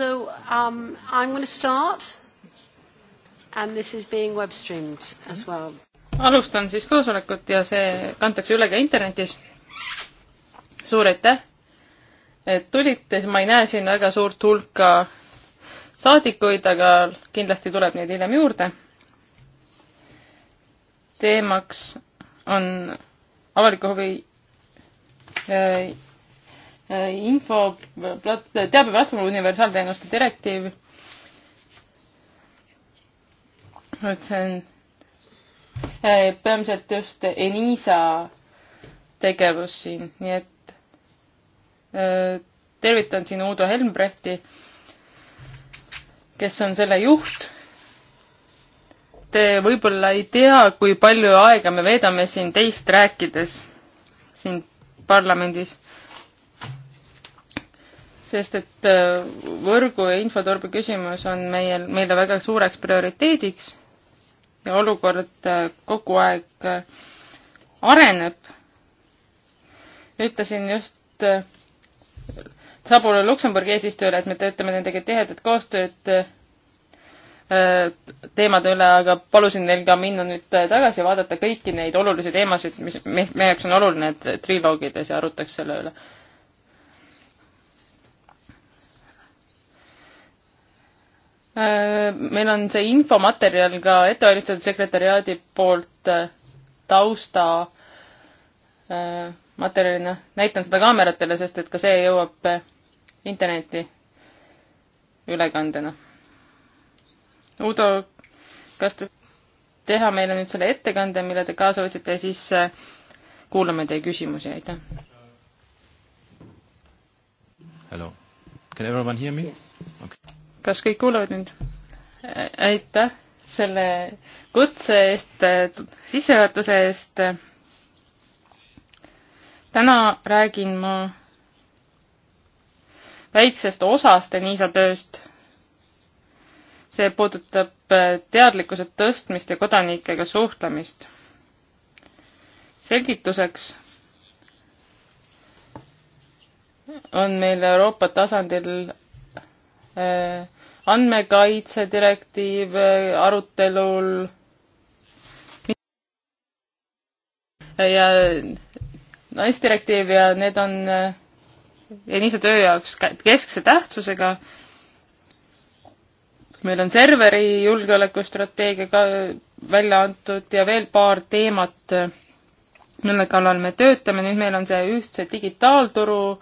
So um, I'm going to start and this is being web streamed as well. alustan siis koosolekut ja see kantakse üle ka internetis. suur aitäh, et tulite, ma ei näe siin väga suurt hulka saadikuid, aga kindlasti tuleb neid hiljem juurde. teemaks on avaliku huvi äh, info, teabeplatvormi universaalteenuste direktiiv. et see on eh, peamiselt just Enisa tegevus siin, nii et eh, tervitan siin Uudo Helmbrechti, kes on selle juht. Te võib-olla ei tea, kui palju aega me veedame siin teist rääkides siin parlamendis sest et äh, võrgu ja infoturbe küsimus on meie, meile väga suureks prioriteediks ja olukord äh, kogu aeg äh, areneb. ütlesin just Sabule Luksemburgi eesistujale, et me töötame nendega tihedat koostööd teemade üle, aga palusin neil ka minna nüüd tagasi ja vaadata kõiki neid olulisi teemasid, mis meie jaoks on oluline, et triloogides ja arutaks selle üle Äh, meil on see infomaterjal ka ette valmistatud sekretäriaadi poolt äh, tausta äh, materjalina. näitan seda kaameratele, sest et ka see jõuab internetti ülekandena. Udo, kas te teha meile nüüd selle ettekande, mille te kaasa võtsite ja siis kuulame teie küsimusi, aitäh. Hello, can everyone hear me yes.? Okay kas kõik kuulevad mind? aitäh selle kutse eest, sissejuhatuse eest. täna räägin ma väiksest osast Enisa tööst. see puudutab teadlikkuse tõstmist ja kodanikega suhtlemist. selgituseks on meil Euroopa tasandil Äh, andmekaitse direktiiv äh, arutelul ja naisdirektiiv ja need on enise äh, töö jaoks keskse tähtsusega. meil on serveri julgeolekustrateegia ka välja antud ja veel paar teemat, mille kallal me töötame, nüüd meil on see ühtse digitaalturu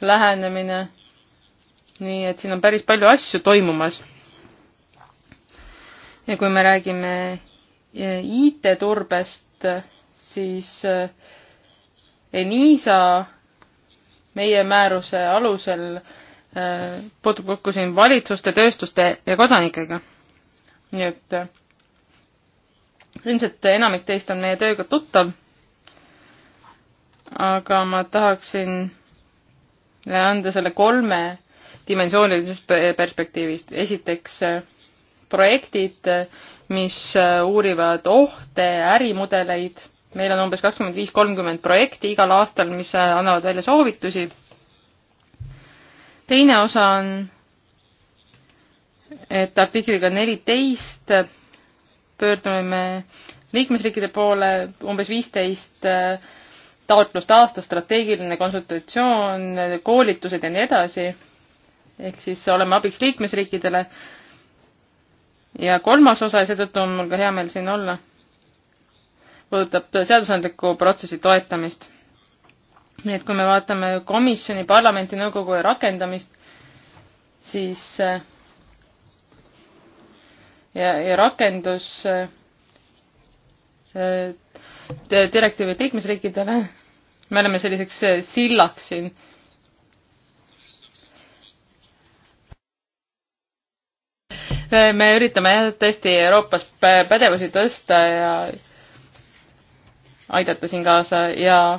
lähenemine nii et siin on päris palju asju toimumas. ja kui me räägime e, IT-turbest, siis e, Enisa meie määruse alusel e, puutub kokku siin valitsuste, tööstuste ja kodanikega. nii et ilmselt enamik teist on meie tööga tuttav. aga ma tahaksin anda selle kolme dimensioonilisest perspektiivist. esiteks äh, projektid, äh, mis äh, uurivad ohte, ärimudeleid, meil on umbes kakskümmend viis, kolmkümmend projekti igal aastal, mis annavad välja soovitusi. teine osa on, et artikliga neliteist pöördume me liikmesriikide poole umbes viisteist taotlust aastas, strateegiline konsultatsioon, koolitused ja nii edasi ehk siis oleme abiks liikmesriikidele. ja kolmas osa ja seetõttu on mul ka hea meel siin olla, puudutab seadusandliku protsessi toetamist. nii et kui me vaatame komisjoni, parlamenti, nõukogu ja rakendamist, siis ja, ja rakendus äh, direktiivid liikmesriikidele, me oleme selliseks äh, sillaks siin äh, me üritame jah, tõesti Euroopas pädevusi tõsta ja aidata siin kaasa ja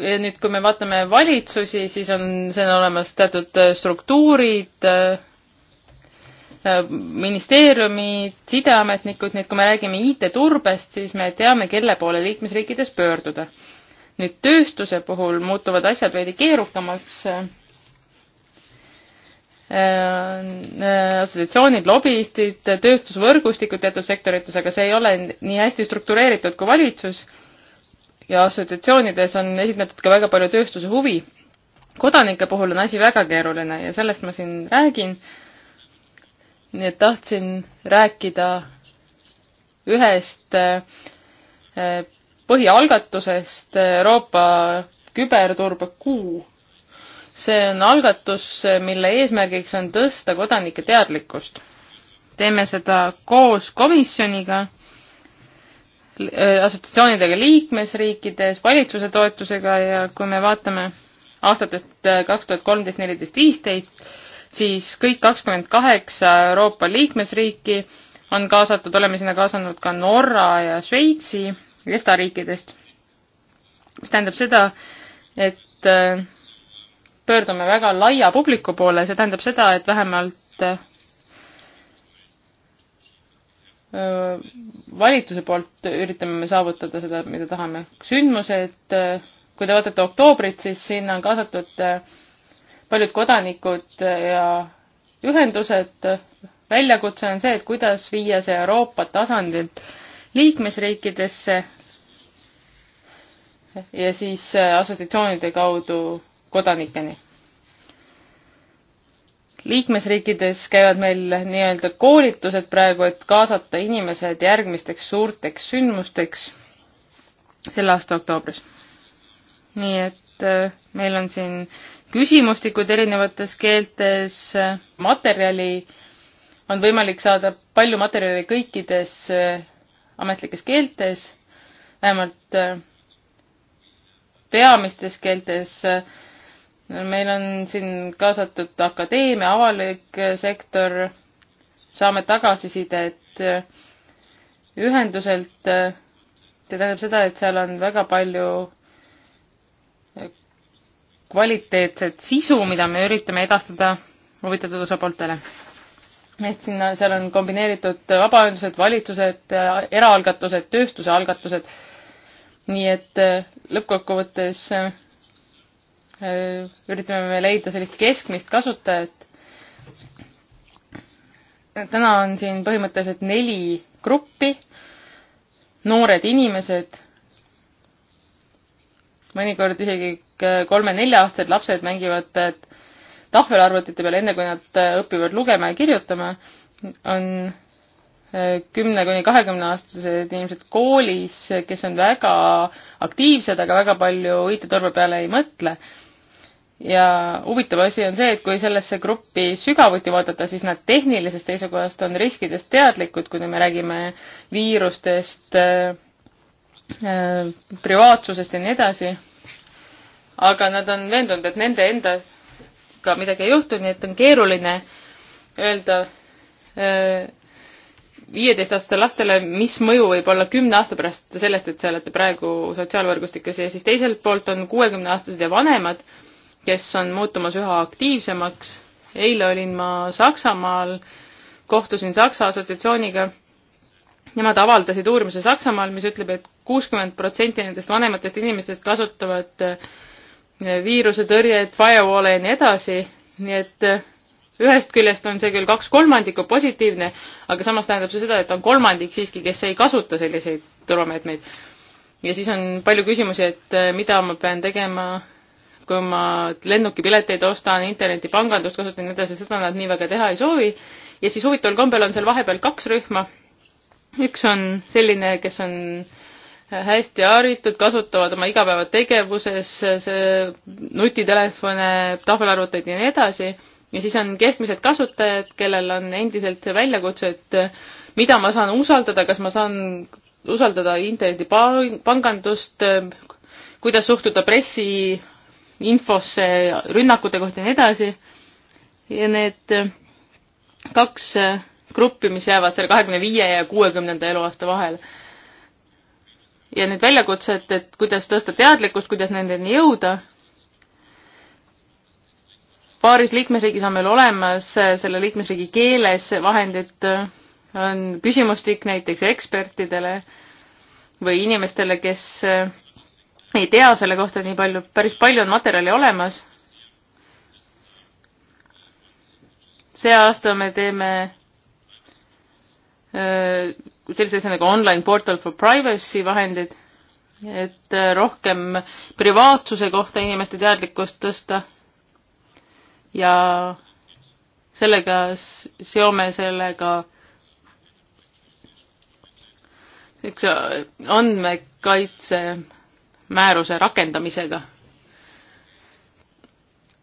ja nüüd, kui me vaatame valitsusi, siis on, seal on olemas teatud äh, struktuurid, äh, äh, ministeeriumid, sideametnikud, nii et kui me räägime IT-turbest, siis me teame, kelle poole liikmesriikides pöörduda. nüüd tööstuse puhul muutuvad asjad veidi keerukamaks Äh, äh, assotsiatsioonid, lobistid, tööstusvõrgustikud teatud sektorites, aga see ei ole nii hästi struktureeritud kui valitsus. ja assotsiatsioonides on esindatud ka väga palju tööstuse huvi. kodanike puhul on asi väga keeruline ja sellest ma siin räägin. nii et tahtsin rääkida ühest äh, põhialgatusest Euroopa küberturbe kuu see on algatus, mille eesmärgiks on tõsta kodanike teadlikkust. teeme seda koos komisjoniga, assotsiatsioonidega liikmesriikides, valitsuse toetusega ja kui me vaatame aastatest kaks tuhat kolmteist, neliteist, viisteist, siis kõik kakskümmend kaheksa Euroopa liikmesriiki on kaasatud, oleme sinna kaasanud ka Norra ja Šveitsi EFTA riikidest, mis tähendab seda, et äh, pöördume väga laia publiku poole, see tähendab seda, et vähemalt äh, valitsuse poolt üritame me saavutada seda, mida tahame. sündmused, äh, kui te vaatate oktoobrit, siis sinna on kaasatud äh, paljud kodanikud ja ühendused. väljakutse on see, et kuidas viia see Euroopa tasandilt liikmesriikidesse ja siis assotsiatsioonide kaudu kodanikeni. liikmesriikides käivad meil nii-öelda koolitused praegu, et kaasata inimesed järgmisteks suurteks sündmusteks selle aasta oktoobris. nii et äh, meil on siin küsimustikud erinevates keeltes, äh, materjali on võimalik saada palju materjali kõikides äh, ametlikes keeltes, vähemalt peamistes keeltes meil on siin kaasatud akadeemia, avalik sektor, saame tagasisidet eh, ühenduselt. Eh, see tähendab seda, et seal on väga palju eh, kvaliteetset sisu, mida me üritame edastada huvitatud osapooltele. et sinna, seal on kombineeritud vabaühendused, valitsused, eraalgatused, tööstuse algatused. nii et lõppkokkuvõttes Äh, üritame me leida sellist keskmist kasutajat. täna on siin põhimõtteliselt neli gruppi, noored inimesed, mõnikord isegi kolme-nelja-aastased lapsed mängivad tahvelarvutite peal, enne kui nad äh, õpivad lugema ja kirjutama, on äh, kümne kuni kahekümne aastased inimesed koolis, kes on väga aktiivsed, aga väga palju IT-turbe peale ei mõtle ja huvitav asi on see, et kui sellesse gruppi sügavuti vaadata, siis nad tehnilisest seisukohast on riskidest teadlikud, kui me räägime viirustest äh,, äh privaatsusest ja nii edasi. aga nad on veendunud, et nende endaga midagi ei juhtu, nii et on keeruline öelda äh, viieteist-aastastele lastele, mis mõju võib olla kümne aasta pärast sellest, et te olete praegu sotsiaalvõrgustikes ja siis teiselt poolt on kuuekümneaastased ja vanemad kes on muutumas üha aktiivsemaks. eile olin ma Saksamaal, kohtusin Saksa assotsiatsiooniga. Nemad avaldasid uurimuse Saksamaal, mis ütleb et, et kuuskümmend protsenti nendest vanematest inimestest kasutavad eh, viirusetõrjet, firewall'e ja nii edasi, nii et eh, ühest küljest on see küll kaks kolmandikku positiivne, aga samas tähendab see seda, et on kolmandik siiski, kes ei kasuta selliseid turvameetmeid. ja siis on palju küsimusi, et eh, mida ma pean tegema kui ma lennukipileteid ostan, internetipangandust kasutan ja nii edasi, seda nad nii väga teha ei soovi. ja siis huvitaval kombel on seal vahepeal kaks rühma. üks on selline, kes on hästi haritud, kasutavad oma igapäevategevuses nutitelefone, tahvelarvuteid ja nii edasi. ja siis on keskmised kasutajad, kellel on endiselt see väljakutse, et mida ma saan usaldada, kas ma saan usaldada internetipangandust, kuidas suhtuda pressi infosse rünnakute kohta ja nii edasi. ja need kaks gruppi, mis jäävad selle kahekümne viie ja kuuekümnenda eluaasta vahel. ja need väljakutsed, et kuidas tõsta teadlikkust, kuidas nendeni jõuda. paaris liikmesriigis on meil olemas selle liikmesriigi keeles vahendid, on küsimustik näiteks ekspertidele või inimestele, kes ei tea selle kohta nii palju, päris palju on materjali olemas. see aasta me teeme äh, sellise asja nagu online portal for privacy vahendid, et äh, rohkem privaatsuse kohta inimeste teadlikkust tõsta ja sellega seome sellega siukse äh, andmekaitse määruse rakendamisega.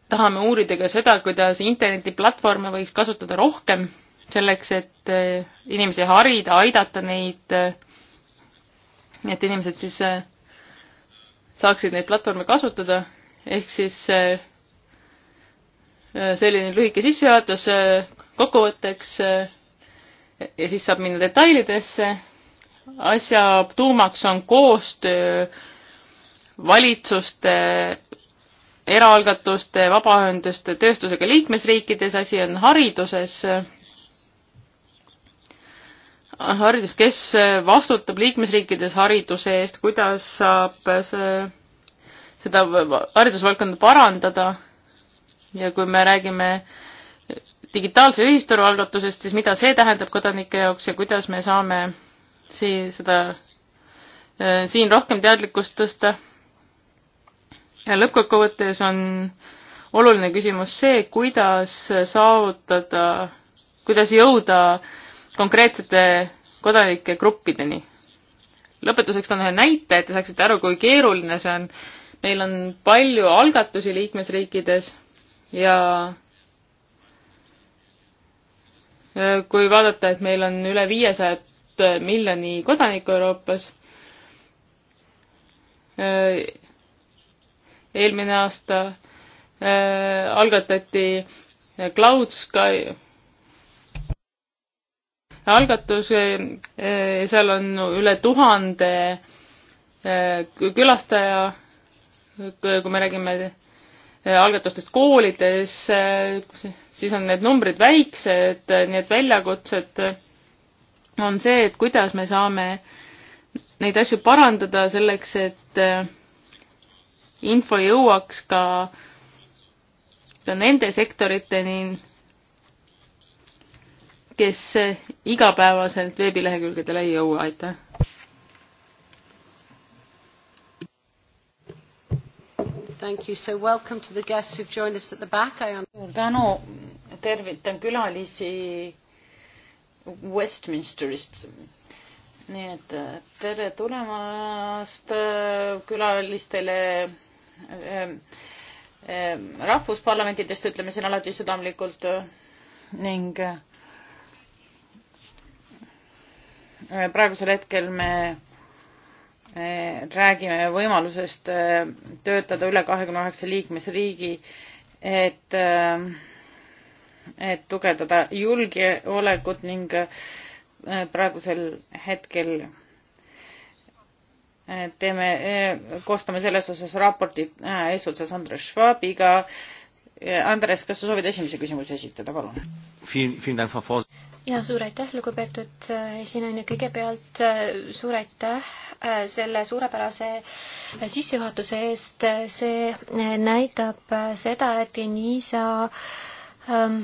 tahame uurida ka seda, kuidas internetiplatvorme võiks kasutada rohkem selleks, et eh, inimesi harida, aidata neid, eh, et inimesed siis eh, saaksid neid platvorme kasutada, ehk siis selline lühike sissejuhatus kokkuvõtteks ja siis saab minna detailidesse. asja tuumaks on koostöö valitsuste, eraalgatuste, vabaühenduste, tööstusega liikmesriikides, asi on hariduses. haridus, kes vastutab liikmesriikides hariduse eest, kuidas saab see, seda haridusvaldkonda parandada ja kui me räägime digitaalse ühisturu algatusest, siis mida see tähendab kodanike jaoks ja kuidas me saame siin seda, siin rohkem teadlikkust tõsta lõppkokkuvõttes on oluline küsimus see, kuidas saavutada, kuidas jõuda konkreetsete kodanike gruppideni. lõpetuseks toon ühe näite, et te saaksite aru, kui keeruline see on. meil on palju algatusi liikmesriikides ja kui vaadata, et meil on üle viiesajat miljoni kodanikku Euroopas, eelmine aasta äh, algatati Cloud Sky algatus äh, äh,, seal on üle tuhande äh, külastaja, kui me räägime äh, algatustest koolides, äh, siis on need numbrid väiksed, nii et väljakutsed on see, et kuidas me saame neid asju parandada selleks, et info jõuaks ka, ka nende sektoriteni, kes igapäevaselt veebilehekülgedele ei jõua, aitäh. Thank you, so welcome to the guests who have joined us at the back, I am. suur tänu, tervitan külalisi Westminsterist. nii et tere tulemast äh, külalistele Ehm, ehm, rahvusparlamentidest, ütleme siin alati südamlikult eh, ning eh, eh, praegusel hetkel me räägime võimalusest töötada üle kahekümne üheksa liikmesriigi, et, et tugevdada julgeolekut ning praegusel hetkel teeme, koostame selles osas raporti äh, eesotsas Andres Schwabiga. Andres, kas sa soovid esimese küsimuse esitada, palun? ja suur aitäh, lugupeetud äh, esinaine, kõigepealt äh, suur aitäh selle suurepärase sissejuhatuse eest, see näitab seda, et Denisa ähm,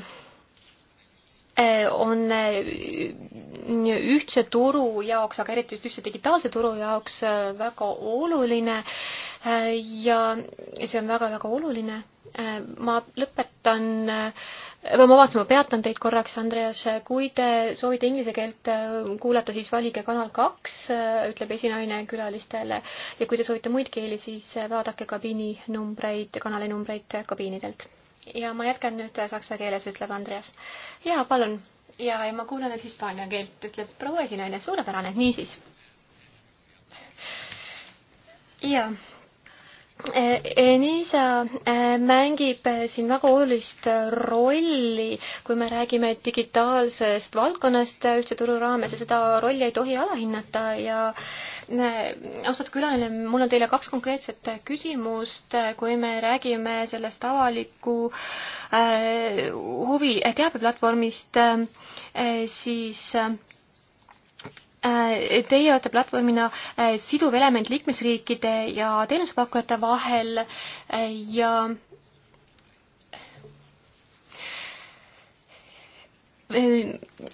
Eh, on eh, ühtse turu jaoks, aga eriti just ühtse digitaalse turu jaoks eh, väga oluline ja see on väga-väga oluline. ma lõpetan või vabandust, ma peatan teid korraks, Andreas, kui te soovite inglise keelt kuulata, siis valige Kanal kaks, ütleb esinaine külalistele ja kui te soovite muid keeli, siis vaadake kabiininumbreid, kanalinumbreid kabiinidelt ja ma jätkan nüüd äh, saksa keeles, ütleb Andreas. jaa, palun. ja, ja ma kuulan nüüd hispaania keelt, ütleb proua esinaine, suurepärane, niisiis. jaa Eh, Enisa eh, mängib eh, siin väga olulist rolli, kui me räägime digitaalsest valdkonnast ühtse turu raames ja seda rolli ei tohi alahinnata ja austatud külaline, mul on teile kaks konkreetset küsimust, kui me räägime sellest avaliku huvi teabeplatvormist, siis Äh, teie olete platvormina äh, siduv element liikmesriikide ja teenusepakkujate vahel äh, ja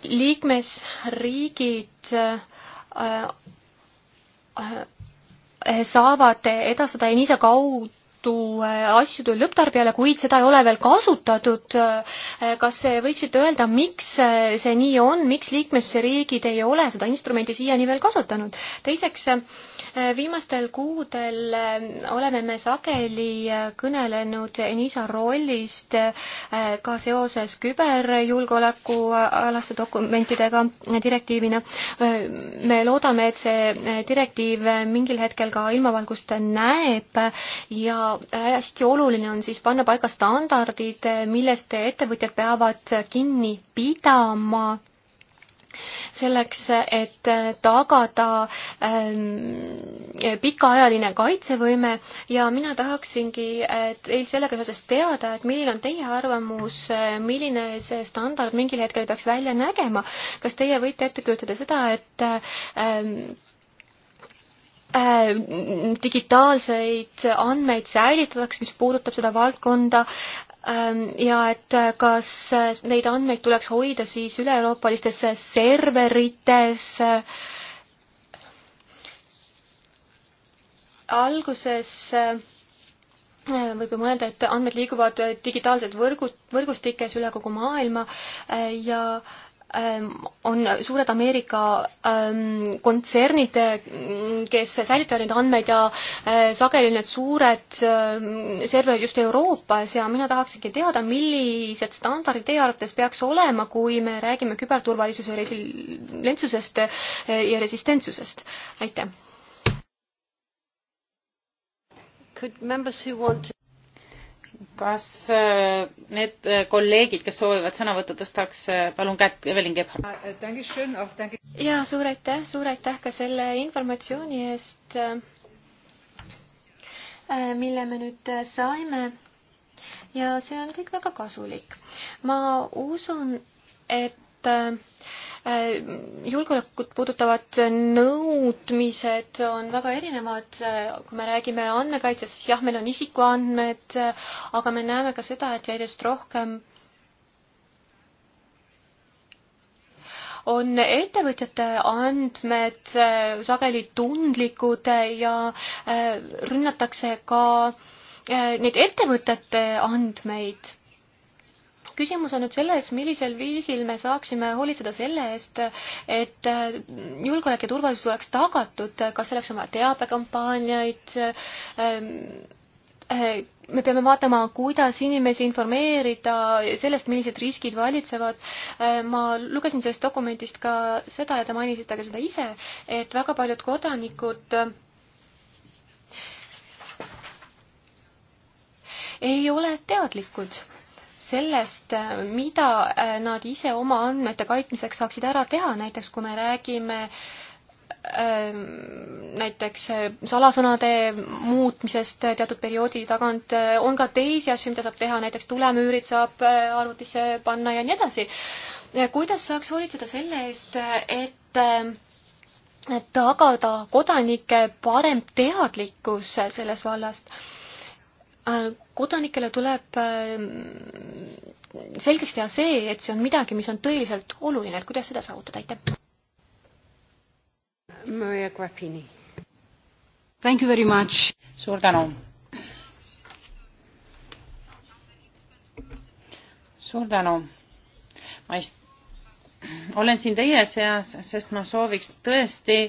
liikmesriigid saavad edastada ENISA kaudu tule, äh, asju tuli lõpptarbijale, kuid seda ei ole veel kasutatud. Äh, kas võiksite öelda, miks äh, see nii on, miks liikmesriigid ei ole seda instrumenti siiani veel kasutanud? teiseks, viimastel kuudel oleme me sageli kõnelenud Enisa rollist ka seoses küberjulgeoleku alaste dokumentidega direktiivina. me loodame, et see direktiiv mingil hetkel ka ilmavalgust näeb ja hästi oluline on siis panna paika standardid, millest ettevõtjad peavad kinni pidama selleks, et tagada ähm, pikaajaline kaitsevõime ja mina tahaksingi äh, teil sellega seoses teada, et milline on teie arvamus, äh, milline see standard mingil hetkel peaks välja nägema. kas teie võite ette kujutada seda, et ähm, Äh, digitaalseid andmeid säilitataks, mis puudutab seda valdkonda ähm, ja et äh, kas äh, neid andmeid tuleks hoida siis üle-euroopalistes serverites. alguses võib ju mõelda, et andmed liiguvad digitaalselt võrgu, võrgustikes üle kogu maailma ja äh, Ähm, on suured Ameerika ähm, kontsernid, mm, kes säilitavad neid andmeid ja äh, sageli need suured ähm, serverid just Euroopas ja mina tahaksingi teada, millised standardid teie arvates peaks olema, kui me räägime küberturvalisuse resilientsusest äh, ja resistentsusest, aitäh. Could members who want to kas äh, need äh, kolleegid, kes soovivad sõna võtta, tõstaks äh, palun kätt, Evelyn Gebhard. ja suur aitäh, suur aitäh ka selle informatsiooni eest, mille me nüüd saime. ja see on kõik väga kasulik. ma usun, et julgeolekut puudutavad nõudmised on väga erinevad. kui me räägime andmekaitsest, siis jah, meil on isikuandmed, aga me näeme ka seda, et järjest rohkem on ettevõtjate andmed sageli tundlikud ja äh, rünnatakse ka äh, neid ettevõtete andmeid küsimus on nüüd selles, millisel viisil me saaksime hoolitseda selle eest, et äh, julgeolek ja turvalisus oleks tagatud, kas selleks on vaja teabekampaaniaid ähm,, äh, me peame vaatama, kuidas inimesi informeerida sellest, millised riskid valitsevad. Äh, ma lugesin sellest dokumendist ka seda ja te mainisite ka seda ise, et väga paljud kodanikud ei ole teadlikud sellest, mida äh, nad ise oma andmete kaitsmiseks saaksid ära teha, näiteks kui me räägime ähm, näiteks äh, salasõnade muutmisest äh, teatud perioodi tagant, on ka teisi asju, mida saab teha, näiteks tulemüürid saab arvutisse panna ja nii edasi. kuidas saaks hoolitseda selle eest, et tagada kodanike parem teadlikkus selles vallast? Äh, kodanikele tuleb äh, selgeks teha see, et see on midagi, mis on tõeliselt oluline, et kuidas seda saavutada, aitäh. Maria Grappini. Thank you very much. suur tänu. suur tänu. ma ist-, olen siin teie seas, sest ma sooviks tõesti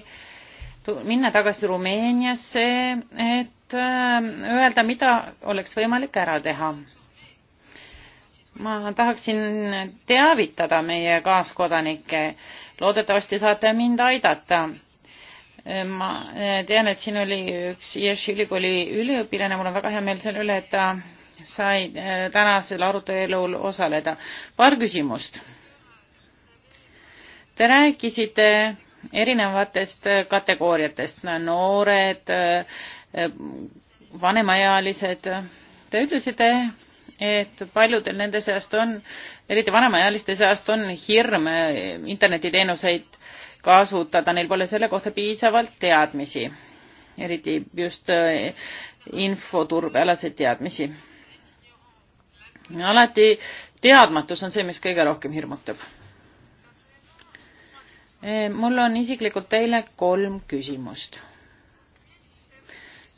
minna tagasi Rumeeniasse, et Äh, öelda, mida oleks võimalik ära teha. ma tahaksin teavitada meie kaaskodanikke, loodetavasti saate mind aidata. Äh, ma äh, tean, et siin oli üks Ješi ülikooli üliõpilane, mul on väga hea meel selle üle, et ta sai tänasel arutelul osaleda. paar küsimust. Te rääkisite erinevatest kategooriatest, noored, Äh, vanemaealised. Te ütlesite, et paljudel nende seast on, eriti vanemaealiste seast on hirm äh, internetiteenuseid kasutada, neil pole selle kohta piisavalt teadmisi, eriti just äh, infoturbealaseid teadmisi. alati teadmatus on see, mis kõige rohkem hirmutab. mul on isiklikult teile kolm küsimust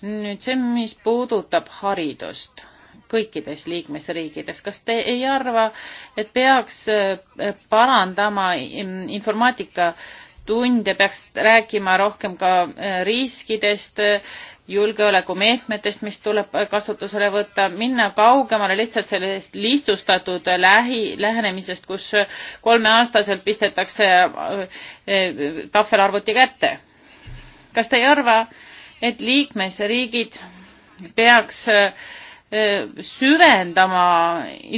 nüüd see, mis puudutab haridust kõikides liikmesriikides, kas te ei arva, et peaks äh, parandama informaatika tunde, peaks rääkima rohkem ka äh, riskidest, julgeolekumeetmetest, mis tuleb kasutusele võtta, minna kaugemale lihtsalt sellest lihtsustatud lähi, lähenemisest, kus kolmeaastaselt pistetakse äh, tahvelarvuti kätte. kas te ei arva, et liikmesriigid peaks äh, äh, süvendama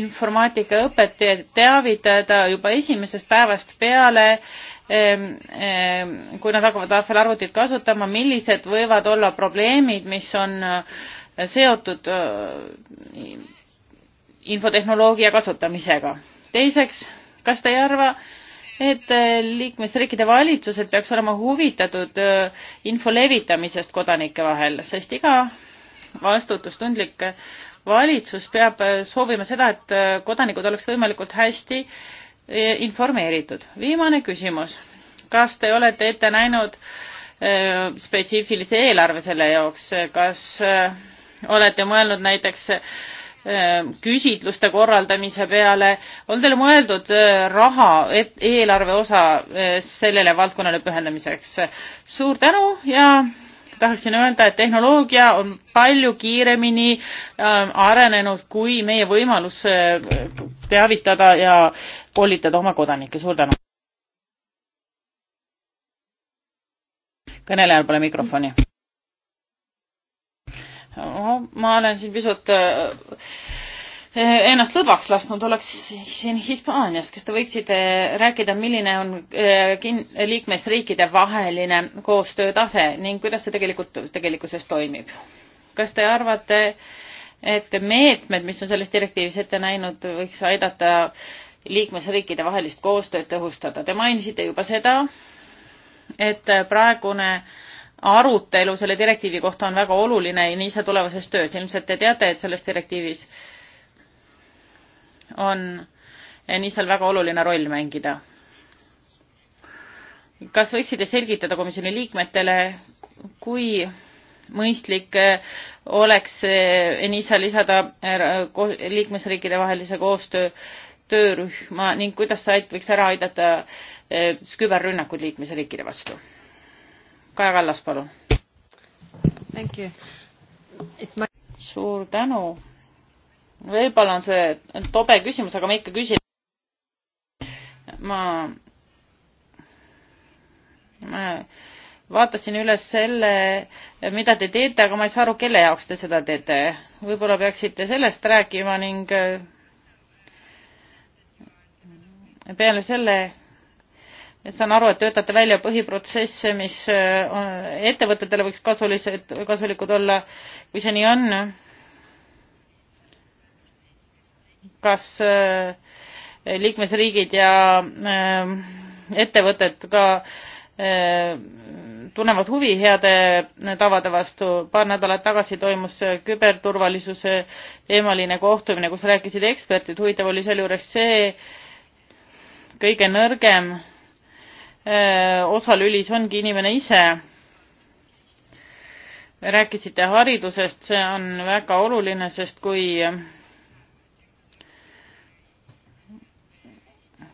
informaatikaõpet, teavitada juba esimesest päevast peale, ähm, ähm, kui nad hakkavad tahvelarvutit kasutama, millised võivad olla probleemid, mis on äh, seotud infotehnoloogia kasutamisega. teiseks, kas te ei arva, et äh, liikmesriikide valitsused peaks olema huvitatud äh, info levitamisest kodanike vahel, sest iga vastutustundlik valitsus peab äh, soovima seda, et kodanikud oleks võimalikult hästi informeeritud. viimane küsimus. kas te olete ette näinud spetsiifilise eelarve selle jaoks, kas olete mõelnud näiteks Ehm, küsitluste korraldamise peale. on teil mõeldud eh, raha e-, eelarve osa eh, sellele valdkonnale pühendamiseks? suur tänu ja tahaksin öelda, et tehnoloogia on palju kiiremini ehm, arenenud kui meie võimalus eh, teavitada ja koolitada oma kodanikke. suur tänu. kõnelejal pole mikrofoni ma olen siin pisut äh, ennast lõdvaks lasknud, oleks siin Hispaanias, kas te võiksite rääkida, milline on äh, liikmesriikide vaheline koostöötase ning kuidas see tegelikult tegelikkuses toimib? kas te arvate, et meetmed, mis on selles direktiivis ette näinud, võiks aidata liikmesriikide vahelist koostööd tõhustada? Te mainisite juba seda, et praegune äh, arutelu selle direktiivi kohta on väga oluline nii see tulevases töös. ilmselt te teate, et selles direktiivis on eh, Nisal väga oluline roll mängida. kas võiksite selgitada komisjoni liikmetele, kui mõistlik eh, oleks Enisa eh, lisada liikmesriikide vahelise koostöö töörühma ning kuidas see võiks ära aidata küberrünnakud liikmesriikide vastu? Kaja Kallas, palun. Might... suur tänu. võib-olla on see tobe küsimus, aga ma ikka küsin. ma, ma vaatasin üles selle, mida te teete, aga ma ei saa aru, kelle jaoks te seda teete. võib-olla peaksite sellest rääkima ning äh, peale selle et saan aru, et töötate välja põhiprotsesse, mis äh, ettevõtetele võiks kasulised, kasulikud olla. kui see nii on, kas äh, liikmesriigid ja äh, ettevõtted ka tunnevad huvi heade tavade vastu. paar nädalat tagasi toimus küberturvalisuse teemaline kohtumine, kus rääkisid eksperdid. huvitav oli sealjuures see kõige nõrgem Äh, osalülis ongi inimene ise. rääkisite haridusest, see on väga oluline, sest kui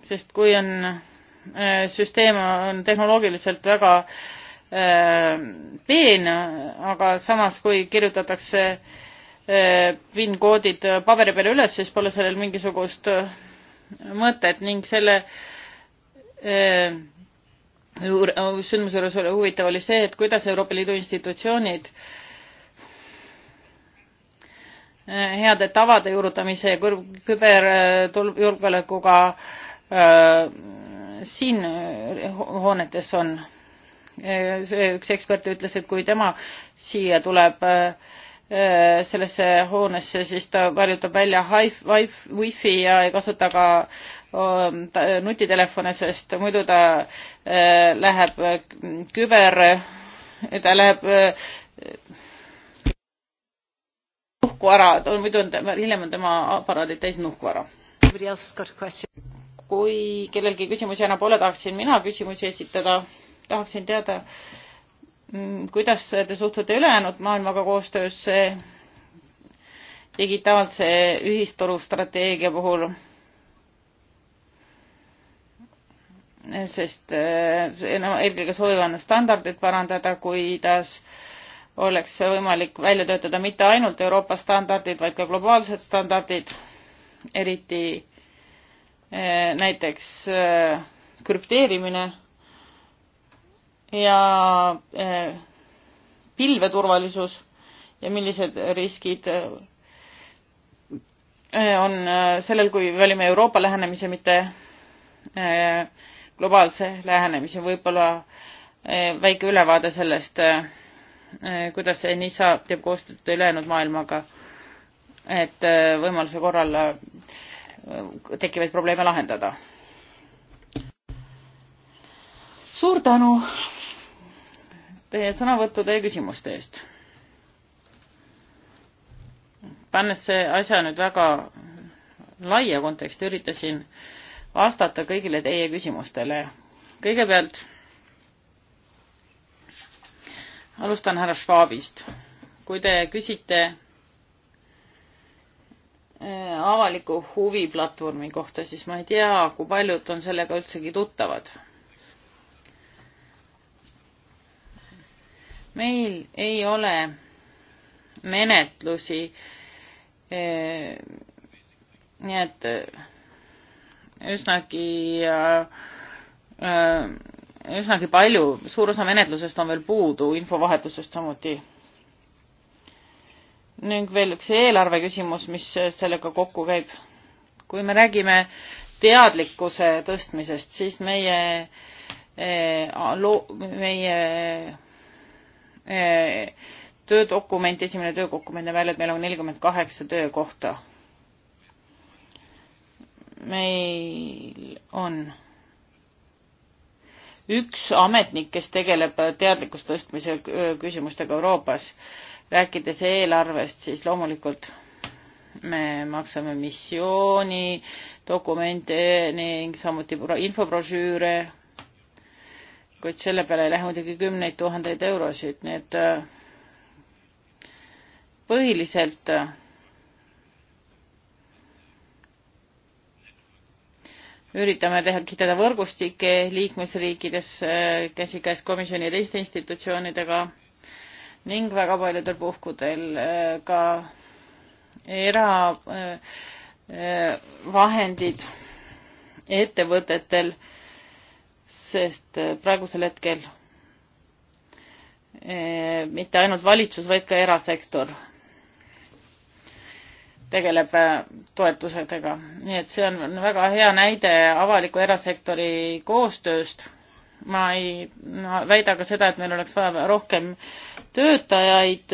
sest kui on äh, süsteem on tehnoloogiliselt väga äh, peene, aga samas, kui kirjutatakse PIN koodid paberi peale üles, siis pole sellel mingisugust mõtet ning selle sündmuse juures oli huvitav oli see, et kuidas Euroopa Liidu institutsioonid eh, heade tavade juurutamise küberjulgeolekuga äh, eh, siin eh, hoonetes on. see üks ekspert ütles, et kui tema siia tuleb äh, sellesse hoonesse, siis ta varjutab välja hi-, wi-, wifi ja ei kasuta ka äh, nutitelefone, sest muidu ta äh, läheb äh, küber, äh, ta läheb nuhku ära, muidu on tema, hiljem on tema aparaadid täis nuhku ära. kui kellelgi küsimusi enam pole, tahaksin mina küsimusi esitada, tahaksin teada, mm, kuidas te suhtute ülejäänud maailmaga koostöösse digitaalse ühistoru strateegia puhul sest eh, no eelkõige soovivad nad standardeid parandada, kuidas oleks võimalik välja töötada mitte ainult Euroopa standardid, vaid ka globaalsed standardid, eriti eh, näiteks eh, krüpteerimine ja pilveturvalisus ja millised riskid on sellel, kui valime Euroopa lähenemise, mitte globaalse lähenemise, võib-olla eh, väike ülevaade sellest, eh, eh, kuidas NISA teeb koostööd ülejäänud maailmaga, et võimaluse korral tekkivaid probleeme lahendada. suur tänu teie sõnavõttude ja küsimuste eest. pannes see asja nüüd väga laia konteksti, üritasin äh, vastata kõigile teie küsimustele. kõigepealt alustan härra Schwabist. kui te küsite äh, avaliku huvi platvormi kohta, siis ma ei tea, kui paljud on sellega üldsegi tuttavad. meil ei ole menetlusi. Äh, nii et äh, üsnagi äh, üsnagi palju, suur osa menetlusest on veel puudu, infovahetusest samuti. ning veel üks eelarve küsimus, mis sellega kokku käib. kui me räägime teadlikkuse tõstmisest, siis meie, äh, meie äh, töödokument, esimene töödokument näeb välja, et meil on nelikümmend kaheksa töökohta meil on üks ametnik, kes tegeleb teadlikkust tõstmise küsimustega Euroopas. rääkides eelarvest, siis loomulikult me maksame missiooni, dokumente ning samuti infobrošüüre, kuid selle peale ei lähe muidugi kümneid tuhandeid eurosid, nii et äh, põhiliselt äh, üritame teha, kitada võrgustikke liikmesriikides äh, käsikäes komisjoni ja teiste institutsioonidega ning väga paljudel puhkudel äh, ka eravahendid äh, ettevõtetel, sest praegusel hetkel mitte ainult valitsus, vaid ka erasektor tegeleb äh, toetusega, nii et see on väga hea näide avaliku erasektori koostööst. ma ei no, väida ka seda, et meil oleks vaja rohkem töötajaid.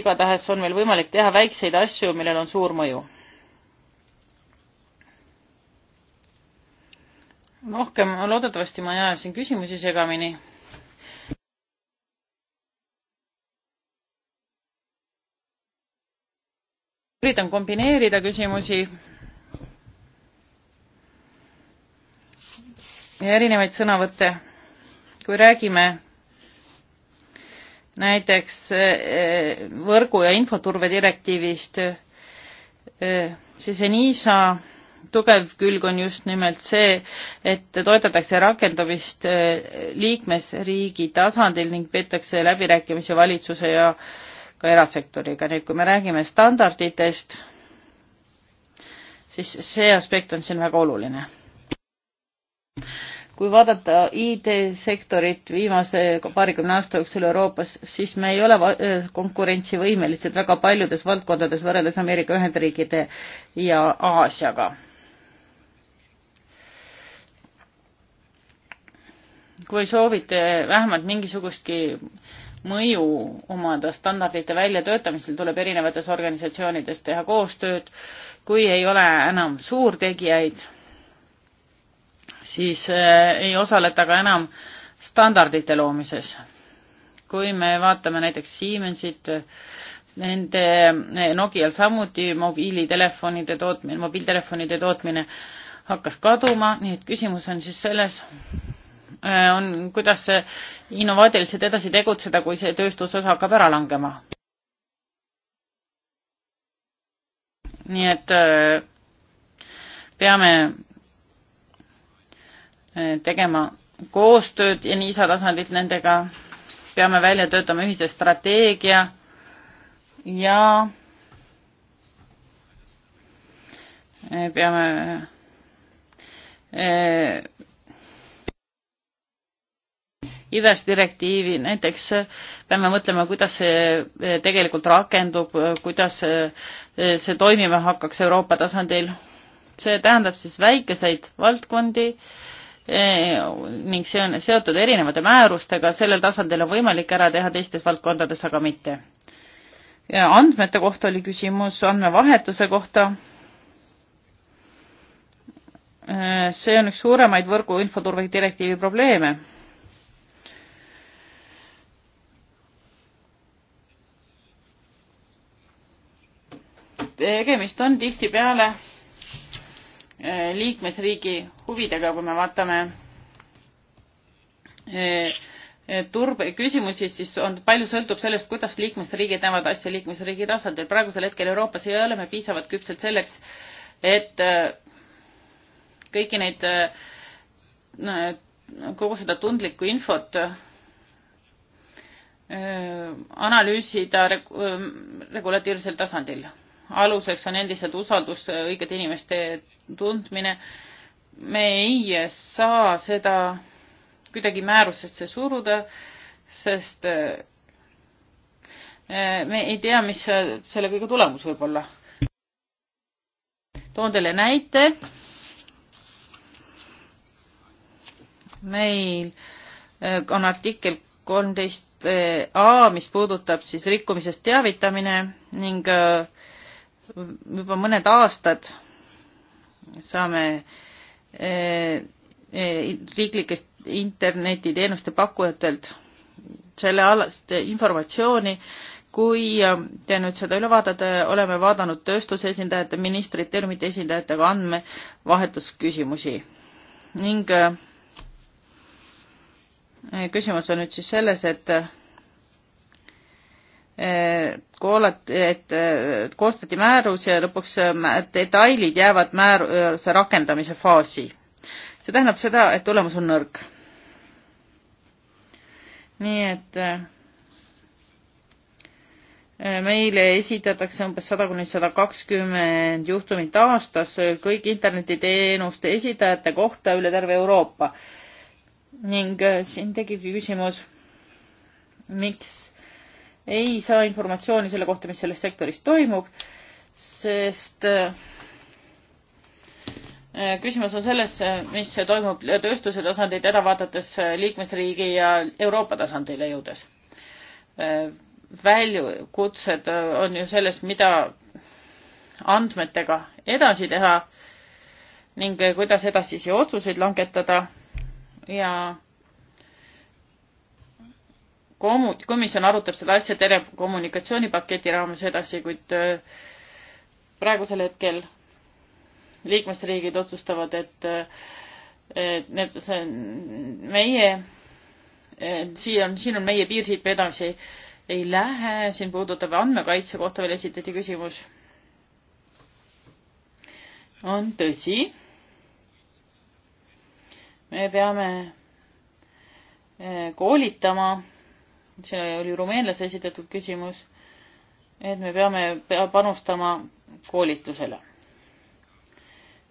igatahes on meil võimalik teha väikseid asju, millel on suur mõju. rohkem loodetavasti ma ei aja siin küsimusi segamini üritan kombineerida küsimusi ja erinevaid sõnavõtte. kui räägime näiteks eh, võrgu ja infoturve direktiivist, eh, siis ENISA tugev külg on just nimelt see, et toetatakse rakendamist eh, liikmesriigi tasandil ning peetakse läbirääkimisi valitsuse ja äh, ka erasektoriga. nüüd, kui me räägime standarditest, siis see aspekt on siin väga oluline. kui vaadata IT-sektorit viimase paarikümne aasta jooksul Euroopas, siis me ei ole konkurentsivõimelised väga paljudes valdkondades võrreldes Ameerika Ühendriikide ja Aasiaga kui soovite vähemalt mingisugustki mõju omada standardite väljatöötamisel, tuleb erinevates organisatsioonides teha koostööd. kui ei ole enam suurtegijaid, siis äh, ei osaleta ka enam standardite loomises. kui me vaatame näiteks Siemensit, nende äh, Nokial samuti mobiilitelefonide tootmine, mobiiltelefonide tootmine hakkas kaduma, nii et küsimus on siis selles, Äh, on, kuidas innovaatiliselt edasi tegutseda, kui see tööstusosa hakkab ära langema. nii et äh, peame äh, tegema koostööd ja niisa tasandilt nendega, peame välja töötama ühise strateegia ja peame IDES direktiivi, näiteks äh, peame mõtlema, kuidas see äh, tegelikult rakendub, äh, kuidas see toimima hakkaks Euroopa tasandil. see tähendab siis väikeseid valdkondi ning see on seotud erinevate määrustega, sellel tasandil on võimalik ära teha teistes valdkondades, aga mitte. andmete kohta oli küsimus, andmevahetuse kohta see on üks suuremaid võrgu infoturve direktiivi probleeme. tegemist on tihtipeale eh, liikmesriigi huvidega, kui me vaatame eh, turbe küsimusi, siis on, palju sõltub sellest, kuidas liikmesriigid näevad asja liikmesriigi tasandil. praegusel hetkel Euroopas ei ole me piisavalt küpsed selleks, et eh, kõiki neid, kogu seda tundlikku infot analüüsida regulatiivsel tasandil aluseks on endiselt usaldus, õigete inimeste tundmine. me ei saa seda kuidagi määrusesse suruda, sest äh, me ei tea, mis selle kõige tulemus võib olla. toon teile näite. meil äh, on artikkel kolmteist äh, A, mis puudutab siis rikkumisest teavitamine ning äh, juba mõned aastad saame eh, eh, riiklikest internetiteenuste pakkujatelt sellealast informatsiooni. kui eh, te nüüd seda üle vaatate, oleme vaadanud tööstuse esindajate, ministriteeriumite esindajatega andmevahetusküsimusi ning küsimus on nüüd siis selles, et kuulati, et koostati määrus ja lõpuks äh, detailid jäävad määruse rakendamise faasi. see tähendab seda, et tulemus on nõrk. nii et äh, meile esitatakse umbes sada kuni sada kakskümmend juhtumit aastas kõik internetiteenuste esitajate kohta üle terve Euroopa. ning äh, siin tekibki küsimus, miks ei saa informatsiooni selle kohta, mis selles sektoris toimub, sest äh, küsimus on selles, mis toimub tööstuse tasandilt ära vaadates liikmesriigi ja Euroopa tasandile jõudes. Äh, väljakutsed on ju selles, mida andmetega edasi teha ning kuidas edasisi otsuseid langetada ja komu-, komisjon arutab seda asja telekommunikatsioonipaketi raames edasi, kuid äh, praegusel hetkel liikmesriigid otsustavad, et, äh, et need, see on meie, äh, siia on, siin on meie piir, siit me edasi ei lähe, siin puudutab andmekaitse kohta veel esitati küsimus. on tõsi. me peame koolitama see oli rumeenlase esitatud küsimus, et me peame panustama koolitusele.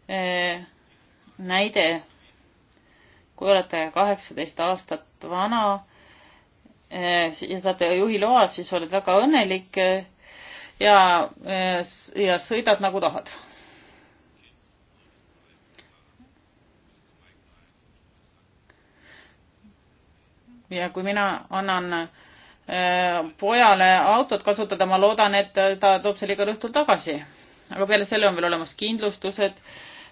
Eh, näide, kui olete kaheksateist aastat vana eh, ja saate juhiloa, siis oled väga õnnelik eh, ja, ja sõidad nagu tahad ja kui mina annan äh, pojale autot kasutada, ma loodan, et ta toob selle igal õhtul tagasi. aga peale selle on veel olemas kindlustused,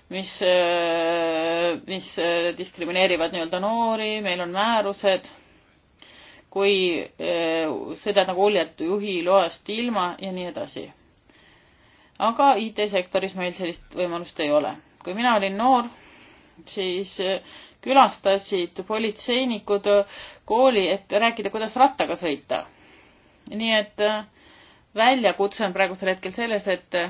mis, äh, mis äh, diskrimineerivad nii-öelda noori, meil on määrused, kui sõidad nagu uljalt juhiloast ilma ja nii edasi. aga IT-sektoris meil sellist võimalust ei ole. kui mina olin noor, siis külastasid politseinikud kooli, et rääkida, kuidas rattaga sõita. nii et äh, väljakutse on praegusel hetkel selles, et äh,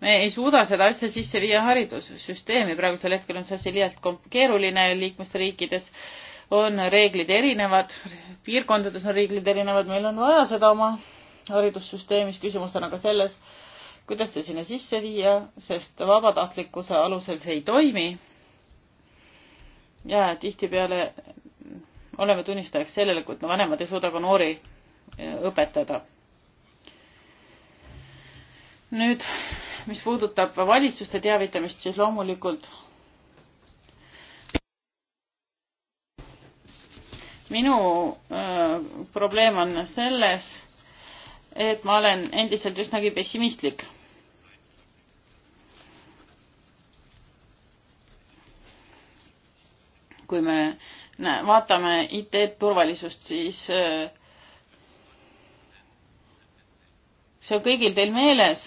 me ei suuda seda asja sisse viia haridussüsteemi, praegusel hetkel on see asi liialt keeruline liikmesriikides, on reeglid erinevad, piirkondades on reeglid erinevad, meil on vaja seda oma haridussüsteemis, küsimus on aga selles, kuidas see sinna sisse viia, sest vabatahtlikkuse alusel see ei toimi. ja tihtipeale oleme tunnistajaks sellele, kui no vanemad ei suuda ka noori eh, õpetada. nüüd, mis puudutab valitsuste teavitamist, siis loomulikult minu öö, eh, probleem on selles, et ma olen endiselt üsnagi pessimistlik kui me vaatame IT-turvalisust, siis äh, see on kõigil teil meeles,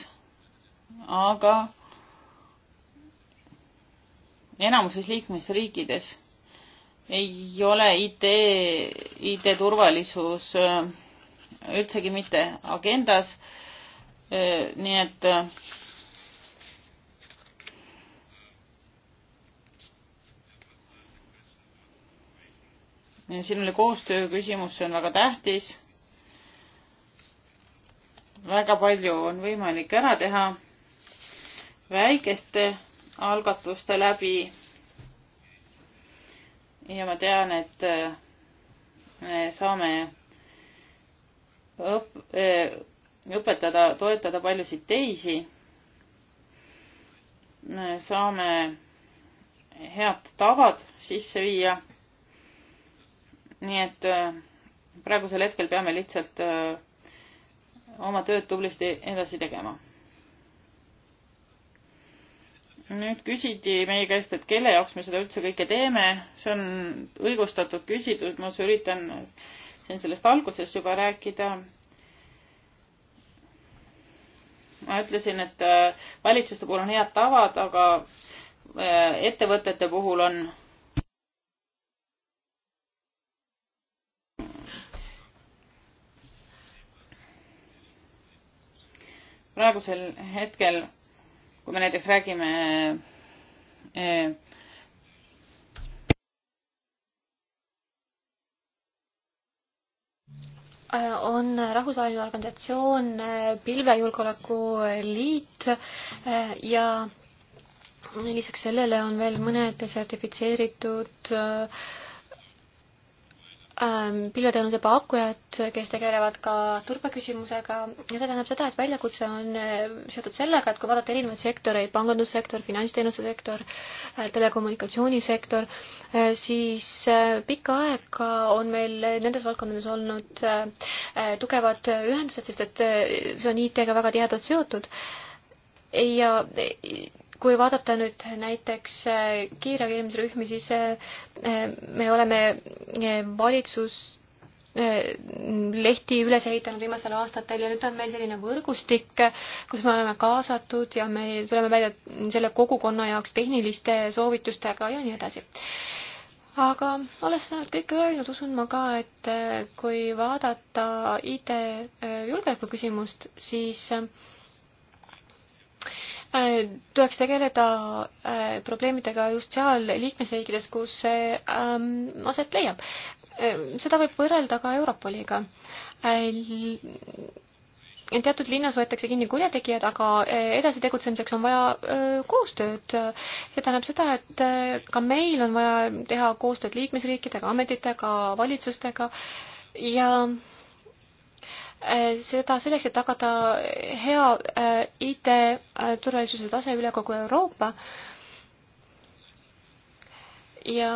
aga enamuses liikmesriikides ei ole IT, IT-turvalisus äh, üldsegi mitte agendas. Äh, nii et siin oli koostöö küsimus, see on väga tähtis. väga palju on võimalik ära teha väikeste algatuste läbi. ja ma tean, et me äh, saame õp-, äh, õpetada, toetada paljusid teisi. me äh, saame head tavad sisse viia nii et äh, praegusel hetkel peame lihtsalt äh, oma tööd tublisti edasi tegema. nüüd küsiti meie käest, et kelle jaoks me seda üldse kõike teeme, see on õigustatud küsimus, üritan siin sellest alguses juba rääkida. ma ütlesin, et äh, valitsuste puhul on head tavad, aga ettevõtete puhul on praegusel hetkel, kui me näiteks räägime eh, eh on rahvusvaheline organisatsioon eh, Pilvejulgeoleku Liit eh, ja lisaks sellele on veel mõned sertifitseeritud äh, Ähm, pilveteenuse pakkujad, kes tegelevad ka turbaküsimusega ja see tähendab seda, et väljakutse on äh, seotud sellega, et kui vaadata erinevaid sektoreid, pangandussektor, finantsteenuste sektor, äh, telekommunikatsioonisektor, äh, siis pikka aega on meil nendes valdkondades olnud tugevad ühendused, sest et see on IT-ga väga tihedalt seotud ja kui vaadata nüüd näiteks eh, kiirreageerimisrühmi, siis eh, eh, me oleme valitsus lehti üles ehitanud viimastel aastatel ja nüüd on meil selline võrgustik, kus me oleme kaasatud ja me tuleme välja selle kogukonna jaoks tehniliste soovitustega ja nii edasi. aga olles seda nüüd kõike öelnud, usun ma ka, et kui vaadata IT-julgeoleku küsimust, siis äh, Äh, tuleks tegeleda äh, probleemidega just seal liikmesriikides, kus see ähm, aset leiab. Äh, seda võib võrrelda ka Europoliga. teatud linnas võetakse kinni kurjategijad, aga edasi tegutsemiseks on vaja koostööd. see tähendab seda, et ka meil on vaja teha koostööd liikmesriikidega, ametitega, valitsustega ja Eh, seda selleks, et tagada hea eh, IT-turvalisuse eh, tase üle kogu Euroopa. ja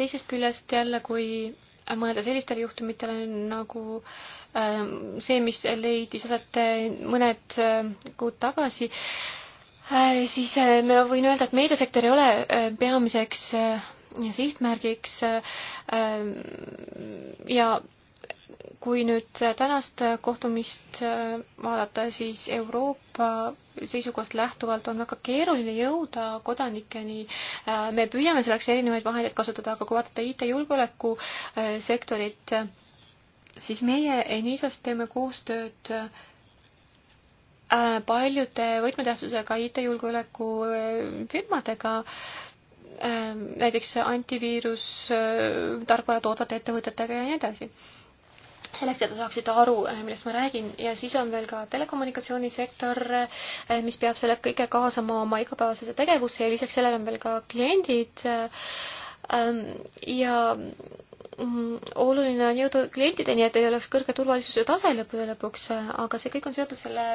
teisest küljest jälle, kui mõelda sellistele juhtumitele nagu see, mis leidis aset mõned kuud tagasi, siis ma võin öelda, et meediasektor ei ole peamiseks sihtmärgiks ja kui nüüd tänast kohtumist äh, vaadata, siis Euroopa seisukohast lähtuvalt on väga keeruline jõuda kodanikeni. Äh, me püüame selleks erinevaid vahendeid kasutada, aga kui vaadata IT-julgeoleku äh, sektorit, siis meie Enisas teeme koostööd paljude võtmetähtsusega IT-julgeoleku firmadega näiteks antiviirus, tarkvaratoodete ettevõtetega ja nii edasi selleks, et te saaksite aru, eh, millest ma räägin ja siis on veel ka telekommunikatsioonisektor, eh, mis peab selle kõige kaasama oma igapäevasesse tegevusse ja lisaks sellele on veel ka kliendid. Eh, ehm, ja mm, oluline on jõuda klientideni, et ei oleks kõrge turvalisuse tase lõppude lõpuks, aga see kõik on seotud selle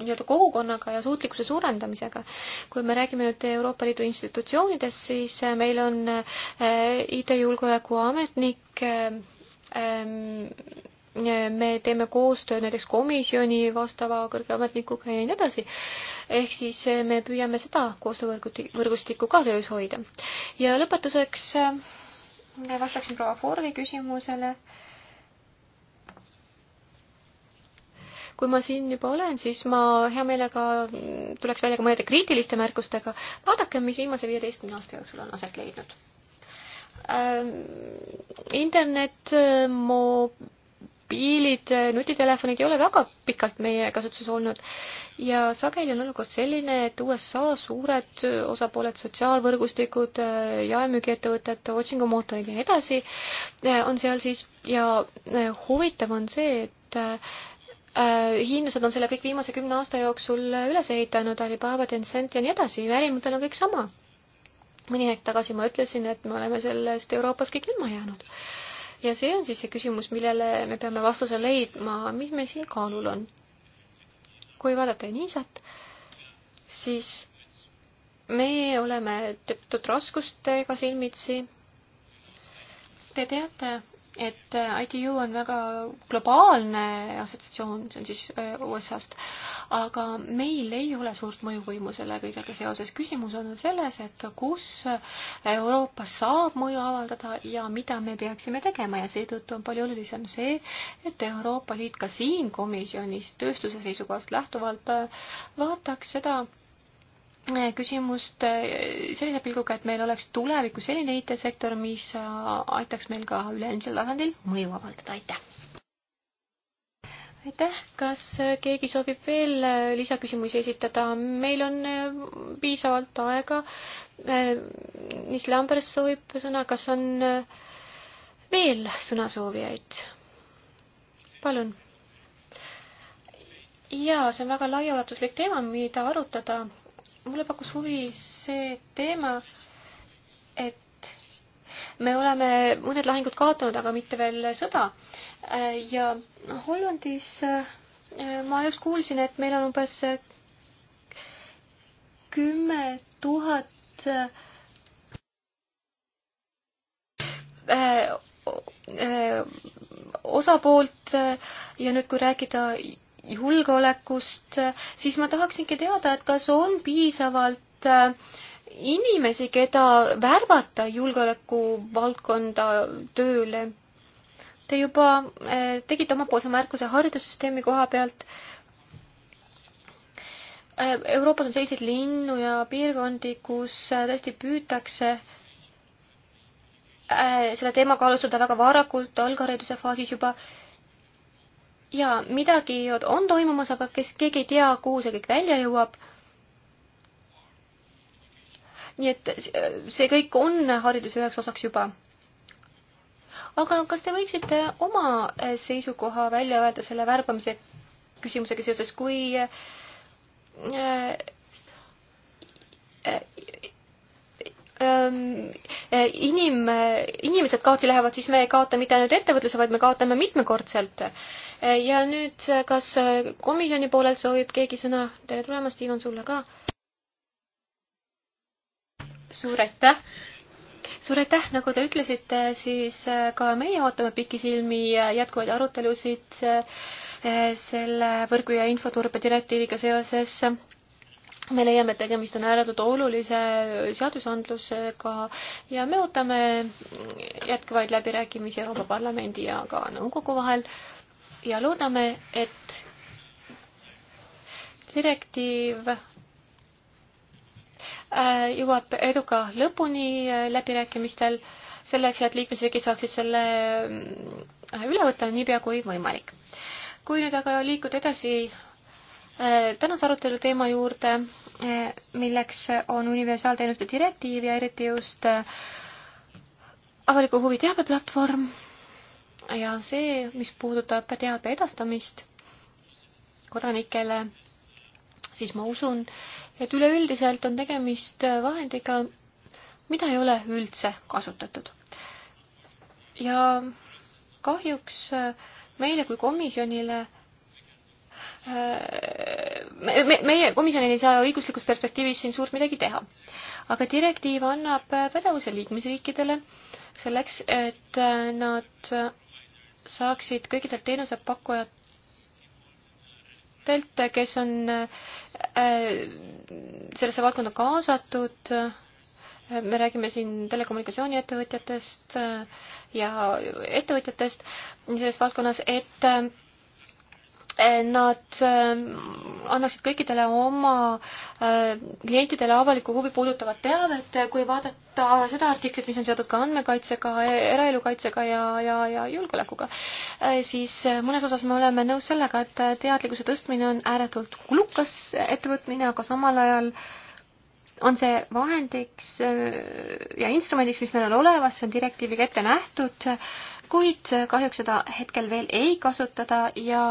nii-öelda kogukonnaga ja suutlikkuse suurendamisega. kui me räägime nüüd Euroopa Liidu institutsioonidest, siis meil on IT-julgeoleku ametnik ehm, me teeme koostööd näiteks komisjoni vastava kõrge ametnikuga ja nii edasi. ehk siis eh, me püüame seda koostöövõrgustikku ka töös hoida. ja lõpetuseks eh, vastaksin proua Forvi küsimusele. kui ma siin juba olen, siis ma hea meelega tuleks välja ka mõnede kriitiliste märkustega. vaadake, mis viimase viieteistkümne aasta jooksul on aset leidnud ähm, internet, äh, mo-, mobiilid, nutitelefonid ei ole väga pikalt meie kasutuses olnud ja sageli on olukord selline, et USA suured osapooled, sotsiaalvõrgustikud, jaemüügiettevõtted, otsingumootorid ja nii edasi eh, on seal siis ja eh, huvitav on see, et eh, hiinlased on selle kõik viimase kümne aasta jooksul üles ehitanud, Alibaba, Tencent ja nii edasi, ärimudel on kõik sama. mõni aeg tagasi ma ütlesin, et me oleme sellest Euroopas kõik ilma jäänud ja see on siis see küsimus, millele me peame vastuse leidma, mis meil siin kaalul on. kui vaadata Niisat, siis me oleme teatud raskustega silmitsi. Te teate, et äh, ITU on väga globaalne assotsiatsioon, see on siis äh, USA-st, aga meil ei ole suurt mõjuvõimu selle kõigega seoses. küsimus on selles, et kus Euroopas saab mõju avaldada ja mida me peaksime tegema ja seetõttu on palju olulisem see, et Euroopa Liit ka siin komisjonis tööstuse seisukohast lähtuvalt äh, vaataks seda, Eh, küsimust eh, sellise pilguga, et meil oleks tulevikus selline IT-sektor, mis eh, aitaks meil ka üleilmsel tasandil mõju avaldada, aitäh! aitäh, kas keegi soovib veel lisaküsimusi esitada, meil on piisavalt aega. Nis Lambers soovib sõna, kas on veel sõnasoovijaid? palun. jaa, see on väga laiaulatuslik teema, mida arutada mulle pakkus huvi see teema, et me oleme mõned lahingud kaotanud, aga mitte veel sõda. ja Hollandis äh, ma just kuulsin, et meil on umbes äh, kümme tuhat äh, osapoolt ja nüüd, kui rääkida julgeolekust, siis ma tahaksingi teada, et kas on piisavalt äh, inimesi, keda värvata julgeolekuvaldkonda tööle. Te juba äh, tegite omapoolse märkuse haridussüsteemi koha pealt. Äh, Euroopas on selliseid linnu ja piirkondi, kus tõesti püütakse selle teemaga alustada väga varakult, alghariduse faasis juba äh, ja midagi on toimumas, aga kes, keegi ei tea, kuhu see kõik välja jõuab. nii et see kõik on hariduse üheks osaks juba. aga kas te võiksite oma seisukoha välja öelda selle värbamise küsimusega seoses, kui äh, äh, äh inim, inimesed kaotsi lähevad, siis me ei kaota mitte ainult ettevõtluse, vaid me kaotame mitmekordselt ja nüüd, kas komisjoni poolelt soovib keegi sõna? tere tulemast, Ivan, sulle ka. suur aitäh suur aitäh, nagu te ütlesite, siis äh, ka meie ootame pikisilmi jätkuvaid arutelusid äh, selle võrgu- ja infoturbe direktiiviga seoses. me leiame, et tegemist on ääretult olulise seadusandlusega ja me ootame jätkuvaid läbirääkimisi Euroopa Parlamendi ja ka nõukogu vahel ja loodame, et direktiiv äh, jõuab eduka lõpuni äh, läbirääkimistel selleks, et liikmesriigid saaksid selle äh, üle võtta niipea kui võimalik. kui nüüd aga liikuda edasi tänase arutelu teema juurde, milleks on universaalteenuste direktiiv ja eriti just avaliku huvi teabeplatvorm ja see, mis puudutab teabe edastamist kodanikele, siis ma usun, et üleüldiselt on tegemist vahendiga, mida ei ole üldse kasutatud. ja kahjuks meile kui komisjonile me, me, meie komisjonil ei saa õiguslikus perspektiivis siin suurt midagi teha. aga direktiiv annab pädevuse liikmesriikidele selleks, et nad saaksid kõikidelt teenusepakkujatelt, kes on äh, sellesse valdkonda kaasatud, me räägime siin telekommunikatsiooniettevõtjatest äh, ja ettevõtjatest selles valdkonnas, et äh, Eh, nad ehm, annaksid kõikidele oma eh, klientidele avalikku huvi puudutavat teavet, eh, kui vaadata seda artiklit, mis on seotud ka andmekaitsega, e-, eraelu kaitsega ja, ja, ja julgeolekuga, siis mõnes osas me oleme nõus sellega, et teadlikkuse tõstmine on ääretult kulukas ettevõtmine, aga samal ajal on see vahendiks ja instrumendiks, mis meil on olemas, see on direktiiviga ette nähtud, kuid kahjuks seda hetkel veel ei kasutada ja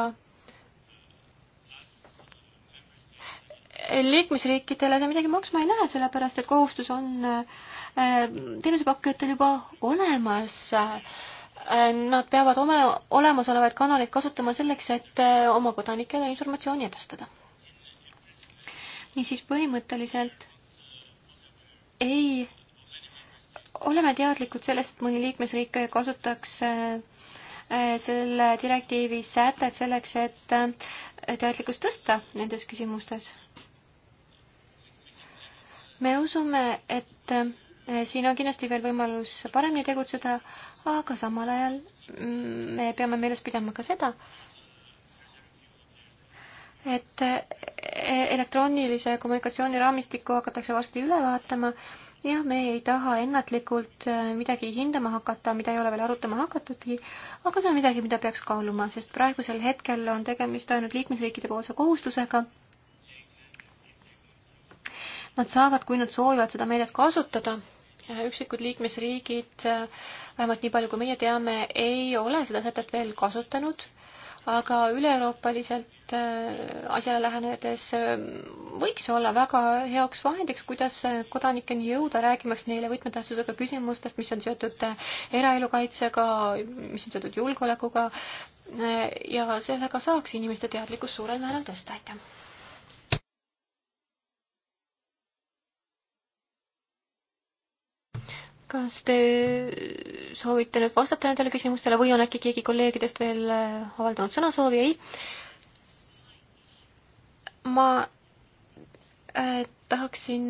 liikmesriikidele ta midagi maksma ei lähe, sellepärast et kohustus on äh, teenusepakkujatel juba olemas. Äh, nad peavad oma olemasolevaid kanaleid kasutama selleks, et äh, oma kodanikele informatsiooni edastada. niisiis põhimõtteliselt ei oleme teadlikud sellest, et mõni liikmesriik kasutaks selle direktiivi sätet selleks, et teadlikkust tõsta nendes küsimustes me usume, et eh, siin on kindlasti veel võimalus paremini tegutseda, aga samal ajal mm, me peame meeles pidama ka seda, et eh, elektroonilise kommunikatsiooni raamistikku hakatakse varsti üle vaatama ja me ei taha ennatlikult eh, midagi hindama hakata, mida ei ole veel arutama hakatudki, aga see on midagi, mida peaks kaaluma, sest praegusel hetkel on tegemist ainult liikmesriikide poolse kohustusega Nad saavad, kui nad soovivad, seda meedet kasutada üksikud liikmesriigid, vähemalt nii palju kui meie teame, ei ole seda sätet veel kasutanud, aga üle-euroopaliselt äh, asjale lähenedes äh, võiks olla väga heaks vahendiks, kuidas äh, kodanikeni jõuda, räägimaks neile võtmetähtsusega küsimustest, mis on seotud eraelukaitsega, mis on seotud julgeolekuga ja sellega saaks inimeste teadlikkust suurel määral tõsta, aitäh! kas te soovite nüüd vastata nendele küsimustele või on äkki keegi kolleegidest veel äh, avaldanud sõnasoovi? ei. ma äh, tahaksin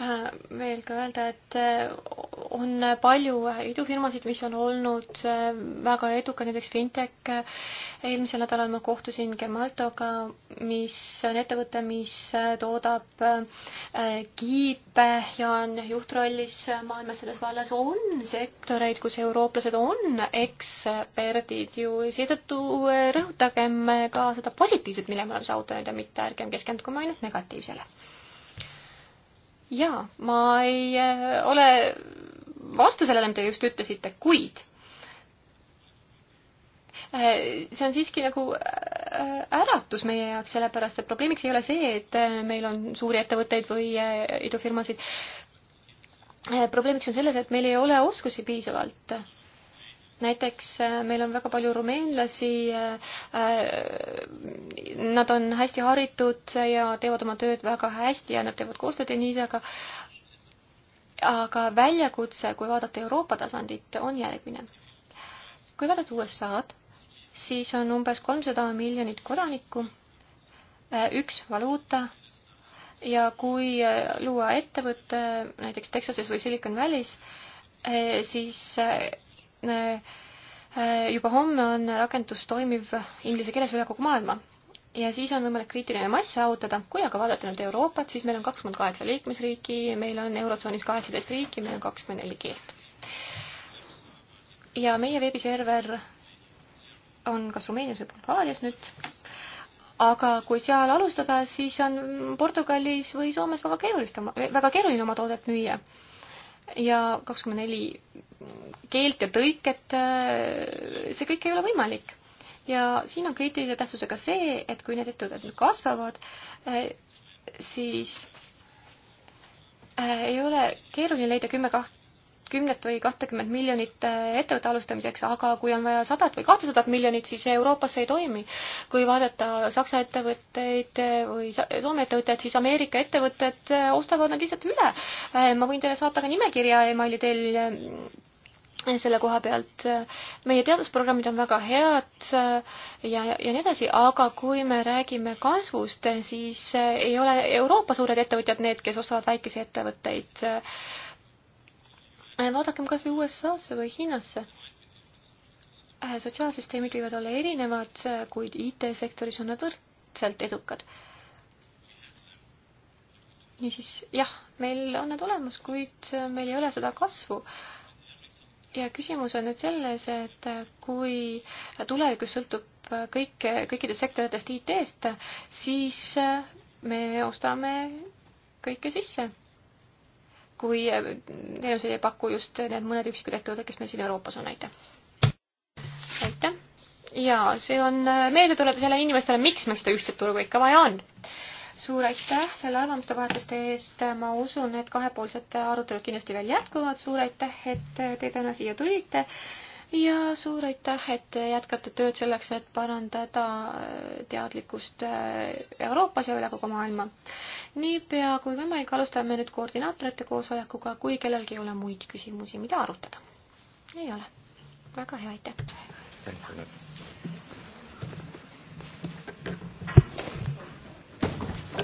Äh, veel ka öelda, et äh, on palju idufirmasid, mis on olnud äh, väga edukad, näiteks Fintech. eelmisel nädalal ma kohtusin Gemaltoga, mis on ettevõte, mis toodab kiipe ja on juhtrollis maailmas selles vallas. on sektoreid, kus eurooplased on eksperdid ju, seetõttu rõhutagem ka seda positiivset, mille me oleme saavutanud ja mitte ärgem keskendugem ainult negatiivsele jaa, ma ei äh, ole vastu sellele, mida te just ütlesite, kuid äh, see on siiski nagu äh, äratus meie jaoks, sellepärast et probleemiks ei ole see, et meil on suuri ettevõtteid või idufirmasid. probleemiks on selles, et meil ei ole oskusi piisavalt näiteks äh, meil on väga palju rumeenlasi, äh, äh, nad on hästi haritud ja teevad oma tööd väga hästi ja nad teevad koostööd Deniisega, aga väljakutse, kui vaadata Euroopa tasandit, on järgmine. kui vaadata USA-d, siis on umbes kolmsada miljonit kodanikku, üks valuuta ja kui luua ettevõte näiteks Texases või Silicon Valley's, siis Äh, äh, juba homme on rakendus toimiv inglise keeles üle kogu maailma ja siis on võimalik kriitiline mass saavutada, kui aga vaadata nüüd Euroopat, siis meil on kakskümmend kaheksa liikmesriiki, meil on Eurotsoonis kaheksateist riiki, meil on kakskümmend neli keelt. ja meie veebiserver on kas Rumeenias või Bulgaarias nüüd, aga kui seal alustada, siis on Portugalis või Soomes väga keerulist oma, väga keeruline oma toodet müüa ja kakskümmend neli keelt ja tõlket, äh, see kõik ei ole võimalik. ja siin on kriitilise tähtsusega see, et kui need ettevõtted nüüd kasvavad, äh, siis äh, ei ole keeruline leida kümme, kaht-, kümnet või kahtekümmet miljonit äh, ettevõtte alustamiseks, aga kui on vaja sadat või kahtesadat miljonit, siis Euroopas see ei toimi. kui vaadata Saksa ettevõtteid äh, või Soome ettevõtteid, siis Ameerika ettevõtted äh, ostavad nad lihtsalt üle. ma võin teile saata ka nimekirja emaili teel selle koha pealt meie teadusprogrammid on väga head ja, ja, ja nii edasi, aga kui me räägime kasvust, siis ei ole Euroopa suured ettevõtjad need, kes ostavad väikesi ettevõtteid. Äh, vaadakem kas või USA-sse või Hiinasse. Äh, sotsiaalsüsteemid võivad olla erinevad, äh, kuid IT-sektoris on nad võrdselt edukad. niisiis jah, meil on need olemas, kuid meil ei ole seda kasvu ja küsimus on nüüd selles, et kui tulevikus sõltub kõik, kõikidest sektoritest IT-st, siis me ostame kõike sisse kui eh, teenuseid ei paku just need mõned üksikud ettevõtted, kes meil siin Euroopas on, aitäh. aitäh ja see on eh, meelde tuletusele inimestele, miks meil seda ühtset turgu ikka vaja on. suur aitäh selle arvamuste vahetuste eest, ma usun, et kahepoolsed arutelud kindlasti veel jätkuvad, suur aitäh, et te täna siia tulite ja suur aitäh, et jätkate tööd selleks, et parandada äh, teadlikkust äh, Euroopas ja üle kogu maailma. niipea kui võimalik, alustame nüüd koordinaatorite koosolekuga, kui kellelgi ei ole muid küsimusi, mida arutada. ei ole. väga hea, aitäh!